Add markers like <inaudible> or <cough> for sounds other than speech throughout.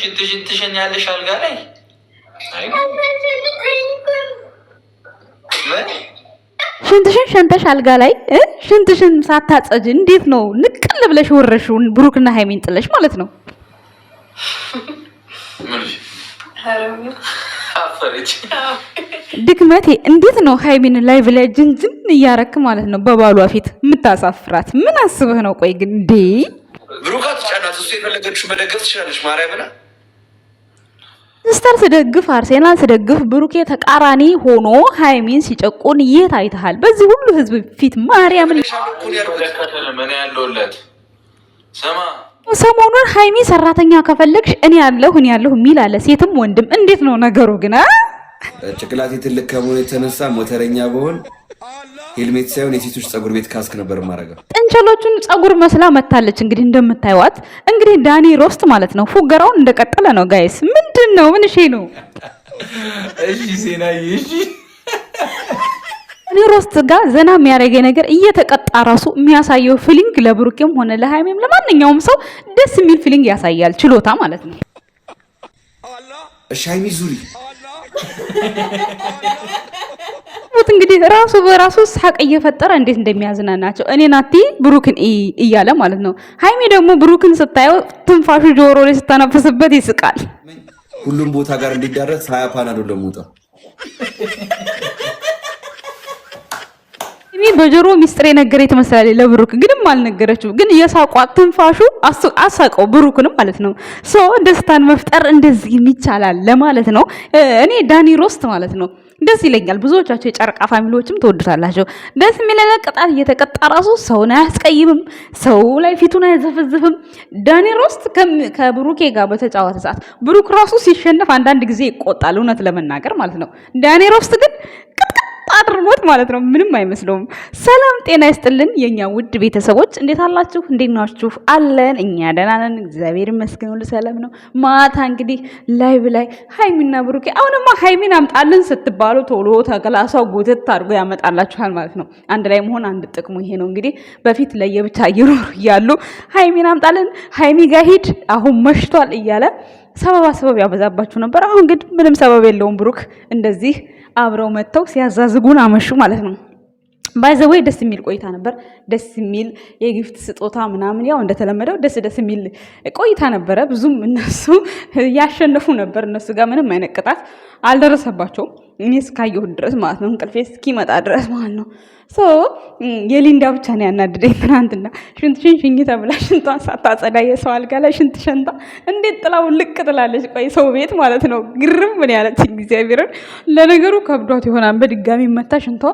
ሽንት ሽንትሽን ያለሽ አልጋ ላይ ሽንትሽን ሸንተሽ አልጋ ላይ ሽንትሽን ሳታጸጅ እንዴት ነው ንቅል ብለሽ ወረሽውን ብሩክና ሀይሜን ጥለሽ ማለት ነው። ድክመቴ እንዴት ነው ሀይሚን ላይቭ ላይ ጅንጅን እያረክ ማለት ነው። በባሏ ፊት የምታሳፍራት ምን አስበህ ነው? ቆይ ግን እንዴ ብሩክ አትጫናት። እሱ የፈለገችው መደገፍ ትችላለች። ማርያምና ስተር ስደግፍ አርሴናል ስደግፍ ብሩኬ ተቃራኒ ሆኖ ሃይሚን ሲጨቁን የት አይተሃል? በዚህ ሁሉ ህዝብ ፊት ማርያምን ሰሞኑን ሃይሚ ሰራተኛ ከፈለግሽ እኔ ያለሁ እኔ ያለሁ የሚል አለ፣ ሴትም ወንድም። እንዴት ነው ነገሩ? ግን ጭቅላቴ ትልቅ ከመሆኑ የተነሳ ሞተረኛ በሆን ሄልሜት ሳይሆን የሴቶች ጸጉር ቤት ካስክ ነበር ማረገ ጥንቸሎቹን ጸጉር መስላ መታለች። እንግዲህ እንደምታይዋት እንግዲህ ዳኒ ሮስት ማለት ነው ፉገራውን እንደቀጠለ ነው። ጋይስ ምንድን ነው ምን ነው? እሺ ዜናዬ፣ እሺ እኔ ሮስት ጋር ዘና የሚያደርገ ነገር እየተቀጣ ራሱ የሚያሳየው ፊሊንግ ለብሩኬም ሆነ ለሃይሜም ለማንኛውም ሰው ደስ የሚል ፊሊንግ ያሳያል። ችሎታ ማለት ነው። እሺ ሃይሚ ዙሪ ተመልከቱት እንግዲህ ራሱ በራሱ ሳቅ እየፈጠረ እንዴት እንደሚያዝናናቸው እኔ ናቲ ብሩክን እያለ ማለት ነው። ሀይሜ ደግሞ ብሩክን ስታየው ትንፋሹ ጆሮ ላይ ስታነፍስበት ይስቃል። ሁሉም ቦታ ጋር እንዲዳረስ ሀያ ፓናዶ ለሞጣ በጆሮ ሚስጥር የነገረ ትመስላለች ለብሩክ ግንም አልነገረችው። ግን የሳቋ ትንፋሹ አሳቀው ብሩክንም ማለት ነው። ሰው ደስታን መፍጠር እንደዚህ ይቻላል ለማለት ነው። እኔ ዳኒ ሮስት ማለት ነው ደስ ይለኛል። ብዙዎቻቸው የጨረቃ ፋሚሊዎችም ትወዱታላቸው። ደስ የሚለ ቅጣት እየተቀጣ ራሱ ሰውን አያስቀይምም፣ ሰው ላይ ፊቱን አይዘፈዝፍም። ዳኒ ሮስት ከብሩኬ ጋር በተጫወተ ሰዓት ብሩክ ራሱ ሲሸነፍ አንዳንድ ጊዜ ይቆጣል፣ እውነት ለመናገር ማለት ነው። ዳኒ ሮስት ግን አድርጎት ማለት ነው። ምንም አይመስለውም። ሰላም ጤና ይስጥልን የኛ ውድ ቤተሰቦች እንዴት አላችሁ? እንዴት ናችሁ? አለን እኛ ደህና ነን፣ እግዚአብሔር ይመስገን፣ ሁሉ ሰላም ነው። ማታ እንግዲህ ላይቭ ላይ ሀይሚና ብሩኬ አሁንማ ሀይሚን አምጣልን ስትባሉ ቶሎ ተገላሷ ጉትት አድርጎ ያመጣላችኋል ማለት ነው። አንድ ላይ መሆን አንድ ጥቅሙ ይሄ ነው። እንግዲህ በፊት ለየብቻ እየኖሩ እያሉ ሀይሚን አምጣልን፣ ሀይሚ ጋር ሂድ፣ አሁን መሽቷል እያለ ሰበባ ሰበብ ያበዛባችሁ ነበር። አሁን ግን ምንም ሰበብ የለውም። ብሩክ እንደዚህ አብረው መጥተው ሲያዛዝጉን አመሹ ማለት ነው። ወይ ደስ የሚል ቆይታ ነበር። ደስ የሚል የጊፍት ስጦታ ምናምን ያው እንደተለመደው ደስ ደስ የሚል ቆይታ ነበረ። ብዙም እነሱ ያሸነፉ ነበር። እነሱ ጋር ምንም አይነት ቅጣት አልደረሰባቸውም እኔ እስካየሁት ድረስ ማለት ነው፣ እንቅልፌ እስኪመጣ ድረስ ማለት ነው። ሶ የሊንዳ ብቻ ነው ያናድደኝ። ትናንትና ሽንትሽን ሽኝ ተብላ ሽንቷን ሳታጸዳ የሰው አልጋ ላይ ሽንት ሸንታ እንዴት ጥላው ልቅ ጥላለች። ቆይ ሰው ቤት ማለት ነው። ግርም ምን ያለችኝ እግዚአብሔርን። ለነገሩ ከብዷት ይሆናል በድጋሚ መታ ሽንቷ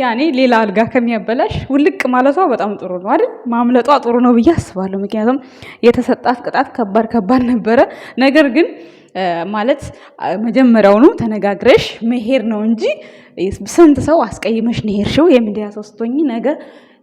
ያኔ ሌላ አልጋ ከሚያበላሽ ውልቅ ማለቷ በጣም ጥሩ ነው አይደል? ማምለጧ ጥሩ ነው ብዬ አስባለሁ። ምክንያቱም የተሰጣት ቅጣት ከባድ ከባድ ነበረ። ነገር ግን ማለት መጀመሪያውኑ ተነጋግረሽ መሄድ ነው እንጂ ስንት ሰው አስቀይመሽ ነው የሄድሽው። የሚዲያ ሰው ስትሆኚ ነገ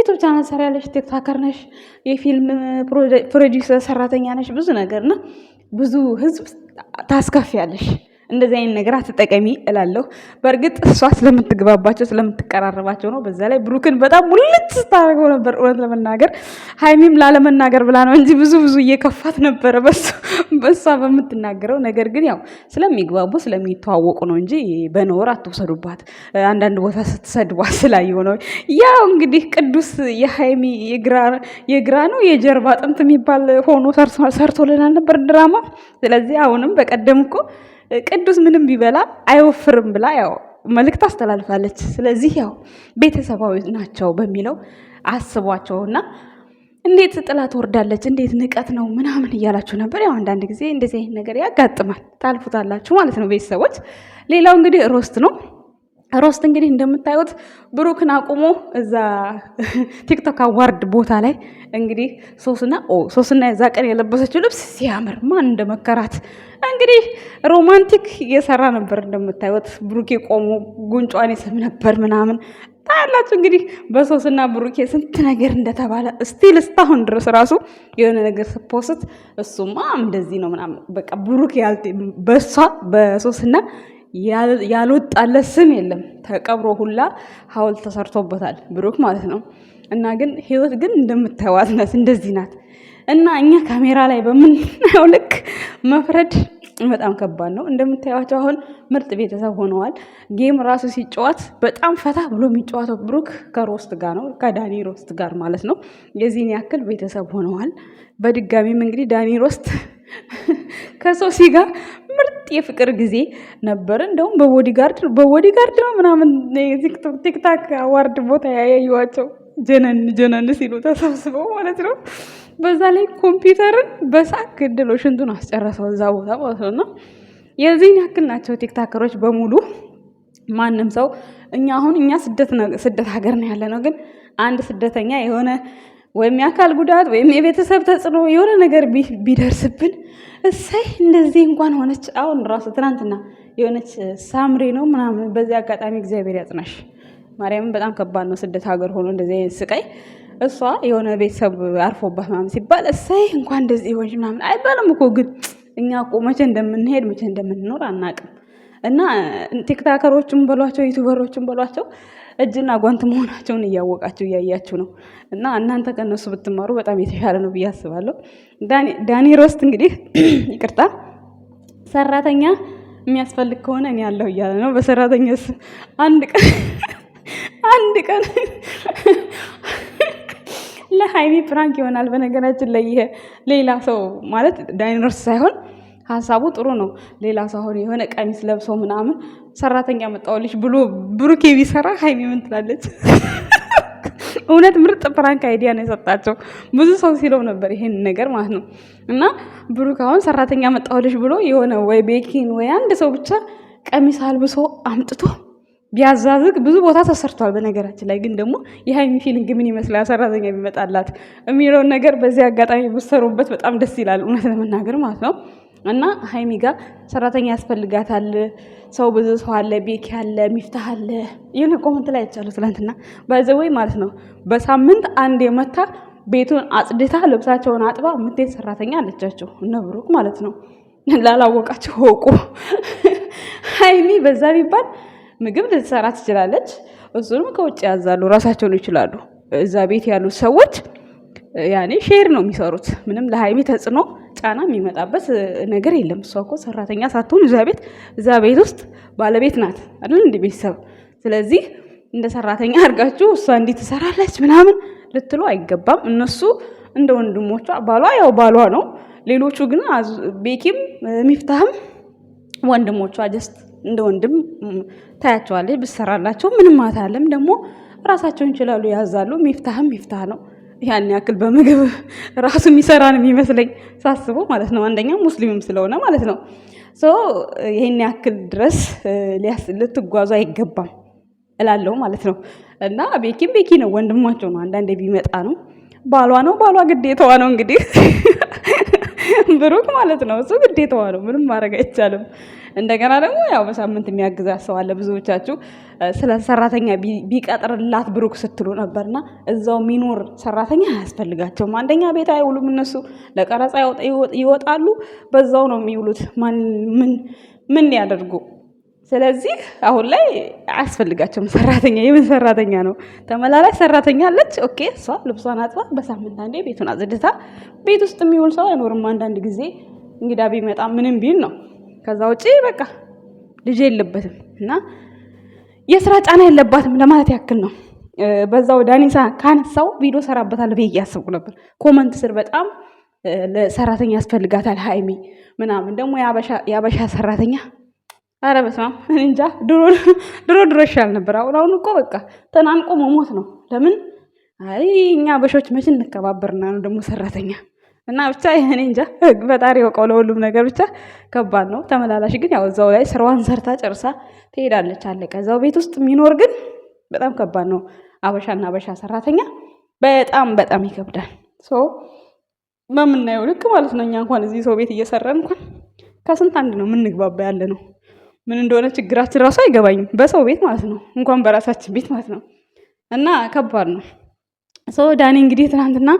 ዩቱብ ቻናል ሰሪያለሽ፣ ቲክታከር ነሽ፣ የፊልም ፕሮዲውሰር ሰራተኛ ነሽ፣ ብዙ ነገር እና ብዙ ህዝብ ታስከፊያለሽ። እንደዚህ አይነት ነገር አትጠቀሚ እላለሁ። በእርግጥ እሷ ስለምትግባባቸው ስለምትቀራረባቸው ነው። በዛ ላይ ብሩክን በጣም ሙልጭ ስታደርገው ነበር። እውነት ለመናገር ሀይሚም ላለመናገር ብላ ነው እንጂ ብዙ ብዙ እየከፋት ነበረ <laughs> በሷ በምትናገረው ነገር። ግን ያው ስለሚግባቡ ስለሚተዋወቁ ነው እንጂ በኖር አትወሰዱባት አንዳንድ ቦታ ስትሰድቧት ስላየው ነው። ያው እንግዲህ ቅዱስ የሀይሚ የግራ ነው የጀርባ አጥንት የሚባል ሆኖ ሰርቶልናል ነበር ድራማ። ስለዚህ አሁንም በቀደም እኮ ቅዱስ ምንም ቢበላ አይወፍርም ብላ ያው መልእክት አስተላልፋለች። ስለዚህ ያው ቤተሰባዊ ናቸው በሚለው አስቧቸውና እንዴት ጥላት ወርዳለች፣ እንዴት ንቀት ነው ምናምን እያላችሁ ነበር። ያው አንዳንድ ጊዜ እንደዚህ አይነት ነገር ያጋጥማል፣ ታልፉታላችሁ ማለት ነው ቤተሰቦች። ሌላው እንግዲህ ሮስት ነው። ሮስት እንግዲህ እንደምታዩት ብሩክን አቁሞ እዛ ቲክቶክ አዋርድ ቦታ ላይ እንግዲህ ሶስና ኦ ሶስና የዛ ቀን የለበሰችው ልብስ ሲያምር ማን እንደመከራት እንግዲህ ሮማንቲክ እየሰራ ነበር። እንደምታዩት ብሩኬ ቆሞ ጉንጯን ይስም ነበር ምናምን ታያላችሁ። እንግዲህ በሶስና ብሩኬ ስንት ነገር እንደተባለ ስቲል እስካሁን ድረስ ራሱ የሆነ ነገር ስፖስት እሱማ እንደዚህ ነው ምናምን በቃ ብሩኬ ያልቴ በሷ በሶስና ያልወጣለት ስም የለም። ተቀብሮ ሁላ ሀውልት ተሰርቶበታል ብሩክ ማለት ነው። እና ግን ህይወት ግን እንደምታዩዋት ናት፣ እንደዚህ ናት። እና እኛ ካሜራ ላይ በምናየው ልክ መፍረድ በጣም ከባድ ነው። እንደምታዩዋቸው አሁን ምርጥ ቤተሰብ ሆነዋል። ጌም ራሱ ሲጫወት በጣም ፈታ ብሎ የሚጫወተው ብሩክ ከሮስት ጋር ነው፣ ከዳኒ ሮስት ጋር ማለት ነው። የዚህን ያክል ቤተሰብ ሆነዋል። በድጋሚም እንግዲህ ዳኒ ሮስት ከሶሲ ጋር ምርጥ የፍቅር ጊዜ ነበር። እንደውም በቦዲጋርድ በቦዲጋርድ ነው ምናምን ቲክታክ አዋርድ ቦታ ያያዩዋቸው ጀነን ጀነን ሲሉ ተሰብስበው ማለት ነው። በዛ ላይ ኮምፒውተርን በሳክ እድሎ ሽንቱን አስጨረሰው እዛ ቦታ ማለት ነው። እና የዚህን ያክል ናቸው ቲክታከሮች በሙሉ። ማንም ሰው እኛ አሁን እኛ ስደት ሀገር ነው ያለ ነው። ግን አንድ ስደተኛ የሆነ ወይም የአካል ጉዳት ወይም የቤተሰብ ተጽዕኖ የሆነ ነገር ቢደርስብን እሰይ እንደዚህ እንኳን ሆነች። አሁን ራሱ ትናንትና የሆነች ሳምሬ ነው ምናምን። በዚህ አጋጣሚ እግዚአብሔር ያጽናሽ። ማርያምን በጣም ከባድ ነው ስደት ሀገር ሆኖ እንደዚህ አይነት ስቃይ። እሷ የሆነ ቤተሰብ አርፎባት ምናምን ሲባል እሰይ እንኳን እንደዚህ ሆነች ምናምን አይባልም እኮ ግን እኛ እኮ መቼ እንደምንሄድ መቼ እንደምንኖር አናቅም። እና ቲክታከሮችም በሏቸው ዩቱበሮችም በሏቸው እጅና ጓንት መሆናቸውን እያወቃችሁ እያያችሁ ነው። እና እናንተ ከነሱ ብትማሩ በጣም የተሻለ ነው ብዬ አስባለሁ። ዳኒ ሮስት እንግዲህ <clears throat> ይቅርታ ሰራተኛ የሚያስፈልግ ከሆነ እኔ ያለሁ እያለ ነው። በሰራተኛስ አንድ ቀን <clears throat> አንድ ቀን <clears throat> ለሀይሚ ፕራንክ ይሆናል። በነገራችን ላይ ይሄ ሌላ ሰው ማለት ዳይኖርስ ሳይሆን ሀሳቡ ጥሩ ነው። ሌላ ሰው አሁን የሆነ ቀሚስ ለብሶ ምናምን ሰራተኛ መጣሁልሽ ብሎ ብሩኬ ቢሰራ ሀይሚ ምን ትላለች? <laughs> እውነት ምርጥ ፕራንክ አይዲያ ነው የሰጣቸው። ብዙ ሰው ሲለው ነበር ይሄን ነገር ማለት ነው። እና ብሩክ አሁን ሰራተኛ መጣሁልሽ ብሎ የሆነ ወይ ቤኪን ወይ አንድ ሰው ብቻ ቀሚስ አልብሶ አምጥቶ ቢያዛዝግ ብዙ ቦታ ተሰርቷል። በነገራችን ላይ ግን ደግሞ የሀይሚ ፊሊንግ ምን ይመስላል ሰራተኛ የሚመጣላት የሚለውን ነገር በዚህ አጋጣሚ ብትሰሩበት በጣም ደስ ይላል፣ እውነት ለመናገር ማለት ነው። እና ሀይሚ ጋር ሰራተኛ ያስፈልጋታል። ሰው ብዙ ሰው አለ፣ ቤኪ አለ፣ ሚፍታህ አለ። ይህን ኮመንት ላይ አይቻለሁ ትላንትና። በዘወይ ማለት ነው በሳምንት አንድ የመታ ቤቱን አጽድታ ልብሳቸውን አጥባ የምትሄድ ሰራተኛ አለቻቸው እነ ብሩክ ማለት ነው። ላላወቃቸው ወቁ። ሀይሚ በዛ ቢባል ምግብ ልትሰራ ትችላለች። እሱንም ከውጭ ያዛሉ፣ ራሳቸውን ይችላሉ። እዛ ቤት ያሉት ሰዎች ያኔ ሼር ነው የሚሰሩት። ምንም ለሀይሚ ተጽዕኖ ጫና የሚመጣበት ነገር የለም። እሷ እኮ ሰራተኛ ሳትሆን እዛ ቤት እዛ ቤት ውስጥ ባለቤት ናት አይደል? እንደ ቤተሰብ። ስለዚህ እንደ ሰራተኛ አድርጋችሁ እሷ እንዲህ ትሰራለች ምናምን ልትሉ አይገባም። እነሱ እንደ ወንድሞቿ፣ ባሏ ያው ባሏ ነው። ሌሎቹ ግን ቤኪም ሚፍታህም ወንድሞቿ ጀስት እንደ ወንድም ታያቸዋለች። ብትሰራላቸው ምንም አታለም። ደግሞ ራሳቸውን ይችላሉ፣ ያዛሉ። ሚፍታህም ሚፍታህ ነው። ያን ያክል በምግብ <laughs> ራሱ የሚሰራ ነው የሚመስለኝ ሳስቦ ማለት ነው። አንደኛ ሙስሊምም ስለሆነ ማለት ነው። ሶ ይህን ያክል ድረስ ልትጓዙ አይገባም እላለሁ ማለት ነው። እና ቤኪም ቤኪ ነው፣ ወንድማቸው ነው። አንዳንዴ ቢመጣ ነው፣ ባሏ ነው፣ ባሏ ግዴታዋ ነው እንግዲህ <laughs> ብሩክ ማለት ነው። እሱ ግዴታዋ ነው፣ ምንም ማድረግ አይቻልም። እንደገና ደግሞ ያው በሳምንት የሚያግዛት ሰው አለ። ብዙዎቻችሁ ስለ ሰራተኛ ቢቀጥርላት ብሩክ ስትሉ ነበርና እዛው ሚኖር ሰራተኛ አያስፈልጋቸውም። አንደኛ ቤት አይውሉም እነሱ ለቀረጻ ይወጣሉ፣ በዛው ነው የሚውሉት። ምን ምን ያደርጉ? ስለዚህ አሁን ላይ አያስፈልጋቸውም ሰራተኛ። የምን ሰራተኛ ነው? ተመላላሽ ሰራተኛ አለች። ኦኬ፣ እሷ ልብሷን አጥባ በሳምንት አንዴ ቤቱን አጽድታ፣ ቤት ውስጥ የሚውል ሰው አይኖርም። አንዳንድ ጊዜ እንግዳ ቢመጣ ምንም ቢል ነው ከዛ ውጪ በቃ ልጅ የለበትም እና የስራ ጫና የለባትም ለማለት ያክል ነው። በዛው ዳኒሳ ካነሳው ቪዲዮ ሰራበታል ብዬ እያሰብኩ ነበር። ኮመንት ስር በጣም ሰራተኛ ያስፈልጋታል ሀይሚ ምናምን ደግሞ የአበሻ ሰራተኛ አረ በስመ አብ እንጃ። ድሮ ድሮ ይሻል ነበር። አሁን አሁን እኮ በቃ ተናንቆ መሞት ነው። ለምን አይ እኛ አበሾች መቼ እንከባበርና ነው ደግሞ ሰራተኛ እና ብቻ እኔ እንጃ ፈጣሪ ያውቀው። ለሁሉም ነገር ብቻ ከባድ ነው። ተመላላሽ ግን ያው እዛው ላይ ስራዋን ሰርታ ጨርሳ ትሄዳለች፣ አለቀ። እዛው ቤት ውስጥ የሚኖር ግን በጣም ከባድ ነው። አበሻና አበሻ ሰራተኛ በጣም በጣም ይከብዳል። ሰው በምናየው ልክ ማለት ነው። እኛ እንኳን እዚህ ሰው ቤት እየሰራን እንኳን ከስንት አንድ ነው የምንግባባ ያለ ነው። ምን እንደሆነ ችግራችን ራሱ አይገባኝም። በሰው ቤት ማለት ነው፣ እንኳን በራሳችን ቤት ማለት ነው። እና ከባድ ነው። ሶ ዳኒ እንግዲህ ትናንትና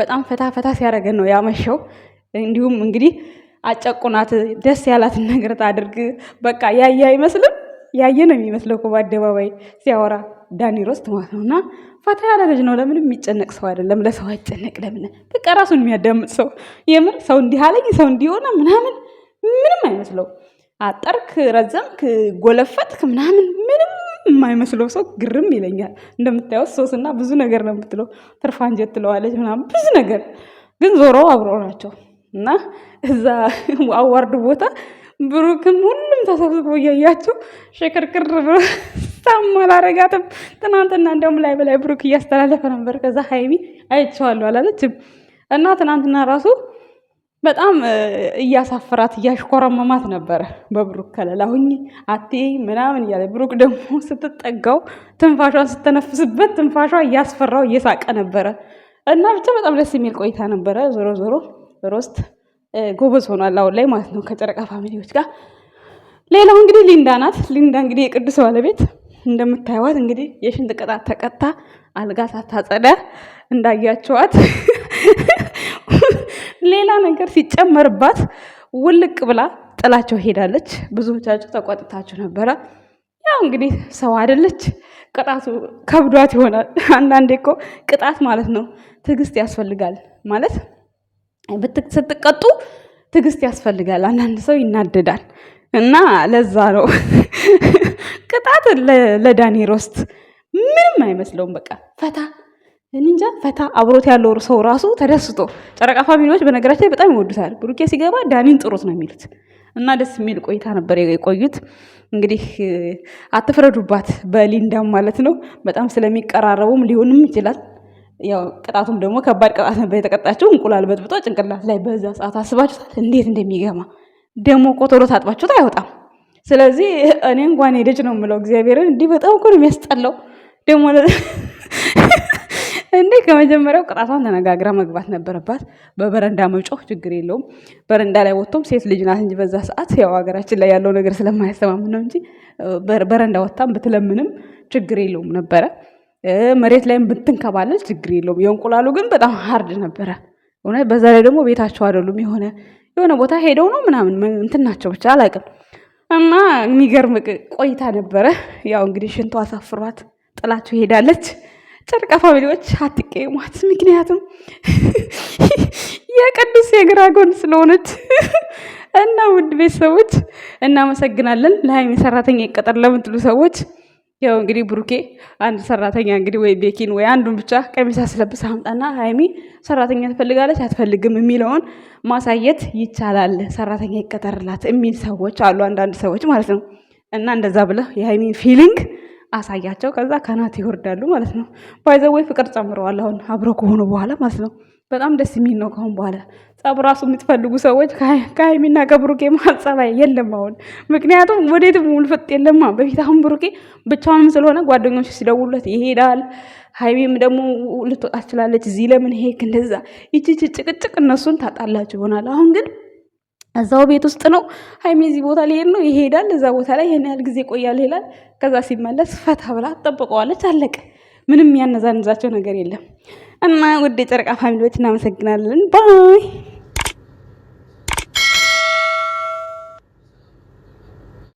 በጣም ፈታ ፈታ ሲያደርገን ነው ያመሸው። እንዲሁም እንግዲህ አጨቁናት ደስ ያላትን ነገር ታድርግ። በቃ ያየ አይመስልም ያየ ነው የሚመስለው እኮ በአደባባይ ሲያወራ ዳኒ ሮስት ማለት ነው። እና ፈታ ያለ ልጅ ነው። ለምንም የሚጨነቅ ሰው አይደለም። ለሰው አይጨነቅ። ለምን በቃ ራሱን የሚያዳምጥ ሰው የምር ሰው እንዲህ አለኝ ሰው እንዲሆነ ምናምን ምንም አይመስለው። አጠርክ፣ ረዘምክ፣ ጎለፈትክ ምናምን ምንም የማይመስለው ሰው ግርም ይለኛል። እንደምታየው ሶስና ብዙ ነገር ነው የምትለው፣ ትርፋንጀት ትለዋለች ምናምን ብዙ ነገር ግን ዞሮ አብሮ ናቸው እና እዛ አዋርድ ቦታ ብሩክም ሁሉም ተሰብስቦ እያያቸው ሽክርክር ብሎ ሳም ትናንትና እንዲያውም ላይ በላይ ብሩክ እያስተላለፈ ነበር። ከዛ ሀይሚ አይቼዋለሁ አላለችም እና ትናንትና ራሱ በጣም እያሳፈራት እያሽኮረመማት ነበረ በብሩክ ከለላ ሁኚ አቴ ምናምን እያለ ብሩክ ደግሞ <laughs> ስትጠጋው ትንፋሿን ስትነፍስበት ትንፋሿ እያስፈራው እየሳቀ ነበረ። እና ብቻ በጣም ደስ የሚል ቆይታ ነበረ። ዞሮ ዞሮ ሮስት ጎበዝ ሆኗል አሁን ላይ ማለት ነው ከጨረቃ ፋሚሊዎች ጋር። ሌላው እንግዲህ ሊንዳ ናት። ሊንዳ እንግዲህ የቅዱስ ባለቤት እንደምታየዋት እንግዲህ የሽንት ቅጣት ተቀጣ አልጋ ሳታጸዳ እንዳያቸዋት <laughs> ሌላ ነገር ሲጨመርባት ውልቅ ብላ ጥላቸው ሄዳለች። ብዙዎቻችሁ ተቆጥታችሁ ነበረ። ያው እንግዲህ ሰው አይደለች፣ ቅጣቱ ከብዷት ይሆናል። <laughs> አንዳንዴ እኮ ቅጣት ማለት ነው ትዕግስት ያስፈልጋል ማለት ስትቀጡ ትዕግስት ያስፈልጋል። አንዳንድ ሰው ይናደዳል እና ለዛ ነው <laughs> ቅጣት ለዳኒ ሮስት ምንም አይመስለውም። በቃ ፈታ እንጃ ፈታ አብሮት ያለው ሰው ራሱ ተደስቶ ጨረቃ ፋሚሊዎች በነገራችን ላይ በጣም ይወዱታል። ብሩኬ ሲገባ ዳኒን ጥሩት ነው የሚሉት እና ደስ የሚል ቆይታ ነበር የቆዩት። እንግዲህ አትፍረዱባት በሊንዳም ማለት ነው። በጣም ስለሚቀራረቡም ሊሆንም ይችላል። ያው ቅጣቱም ደግሞ ከባድ ቅጣት ነበር የተቀጣቸው። እንቁላል በጥብጦ ጭንቅላት ላይ በዛ ሰዓት አስባችሁታል እንዴት እንደሚገማ ደግሞ ቆቶሎ ታጥባችሁት አይወጣም። ስለዚህ እኔ እንኳን ሄደች ነው የምለው እግዚአብሔርን እንዲህ በጣም እኮ ነው የሚያስጠላው ደግሞ እንዴ ከመጀመሪያው ቅጣቷን ተነጋግራ መግባት ነበረባት። በበረንዳ መጮህ ችግር የለውም። በረንዳ ላይ ወጥቶም ሴት ልጅ ናት እንጂ በዛ ሰዓት ያው ሀገራችን ላይ ያለው ነገር ስለማያስተማምን ነው እንጂ በረንዳ ወጥታም ብትለምንም ችግር የለውም ነበረ። መሬት ላይም ብትንከባለል ችግር የለውም። የእንቁላሉ ግን በጣም ሀርድ ነበረ። እውነት በዛ ላይ ደግሞ ቤታቸው አይደሉም የሆነ የሆነ ቦታ ሄደው ነው ምናምን እንትን ናቸው ብቻ አላውቅም። እና የሚገርም ቆይታ ነበረ። ያው እንግዲህ ሽንቶ አሳፍሯት ጥላቸው ሄዳለች። ጨርቃ ፋሚሊዎች አትቀይሟት፣ ምክንያቱም የቅዱስ የግራ ጎን ስለሆነች እና ውድ ቤተሰቦች እናመሰግናለን። ለሀይሚ ሰራተኛ ይቀጠር ለምትሉ ሰዎች ያው እንግዲህ ብሩኬ አንድ ሰራተኛ እንግዲህ ወይ ቤኪን ወይ አንዱን ብቻ ቀሚስ አስለብስ አምጣና ሀይሚ ሰራተኛ ትፈልጋለች አትፈልግም የሚለውን ማሳየት ይቻላል። ሰራተኛ ይቀጠርላት የሚል ሰዎች አሉ፣ አንዳንድ ሰዎች ማለት ነው። እና እንደዛ ብለህ የሀይሚን ፊሊንግ አሳያቸው። ከዛ ከናት ይወርዳሉ ማለት ነው። ወይ ፍቅር ጨምረዋል አሁን አብሮ ከሆኑ በኋላ ማለት ነው። በጣም ደስ የሚል ነው። ከአሁን በኋላ ጸብ ራሱ የምትፈልጉ ሰዎች ከሀይሚና ከብሩኬ መሀል ጸባይ የለም አሁን። ምክንያቱም ወዴትም ውልፍጥ የለማ በፊት። አሁን ብሩኬ ብቻውንም ስለሆነ ጓደኞች ሲደውሉለት ይሄዳል። ሀይሚም ደግሞ ልትወጣ ትችላለች። እዚህ ለምን ሄክ እንደዛ ይቺ ጭቅጭቅ እነሱን ታጣላችሁ ይሆናል አሁን ግን እዛው ቤት ውስጥ ነው ሀይሚ እዚህ ቦታ ሊሄድ ነው ይሄዳል። እዛ ቦታ ላይ ይሄን ያህል ጊዜ ቆያል ይላል። ከዛ ሲመለስ ፈታ ብላ ትጠብቀዋለች። አለቀ። ምንም ያነዛንዛቸው ነገር የለም። እና ውድ የጨረቃ ፋሚሊዎች እናመሰግናለን ባይ